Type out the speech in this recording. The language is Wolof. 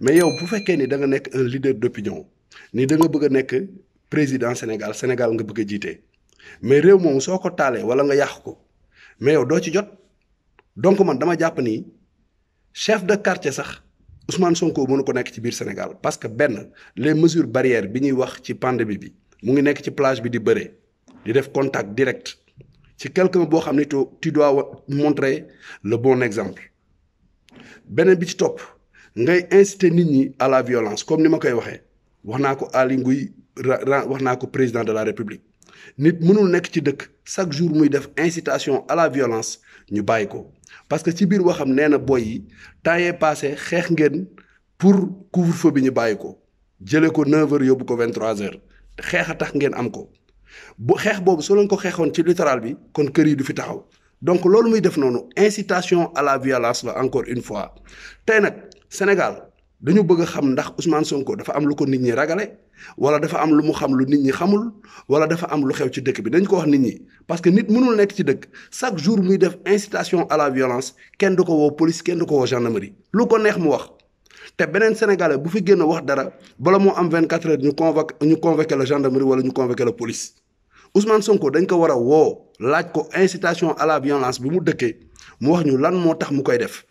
mais yow bu fekkee ni da nga nekk un leader d'opinion ni danga bëgg a nekk président Sénégal Sénégal nga bëgg a jiite mais réew moom soo ko taalee wala nga yàq ko mais yow doo ci jot donc man dama jàpp ni chef de quartier sax Ousmane Sonko mënu ko nekk ci biir Sénégal parce que benn les mesure barrières bi ñuy wax ci pandémie bi mu ngi nekk ci plage bi di bëree di def contact direct ci quelqu'un boo xam ne tu dois montrer le bon exemple beneen bi ci topp. ngay inciter nit ñi à la violence comme ni ma koy waxee wax naa ko Aly Ngouille wax naa ko président de la république nit mënul nekk ci dëkk chaque jour muy def incitation à la violence ñu bàyyi ko parce que ci biir waxam nee na boy yi temps yee passé xeex ngeen pour couvre-feu bi ñu bàyyi ko jëlee ko 9h yóbbu ko 23h xeex a tax ngeen am ko bu xeex boobu soo leen ko xeexoon ci littoral bi kon kër yi du fi taxaw donc loolu muy def noonu incitation à la encore une fois tey nag. Sénégal dañu bëgg xam ndax Ousmane Sonko dafa am lu ko nit ñi ragale wala dafa am lu mu xam lu nit ñi xamul wala dafa am lu xew ci dëkk bi dañ ko wax nit ñi parce que nit mënul nekk ci dëkk chaque jour muy def incitation à la violence kenn du ko woo police kenn du ko woo gendarmerie lu ko neex mu wax te beneen sénégalais bu fi génn wax dara bala moo am 24 heures ñu convoqué ñu convoqué la gendarmerie wala ñu convoqué la police Ousmane Sonko dañ ko war a woo laaj ko incitation à la violence bi mu dëkkee mu wax ñu lan moo tax mu koy def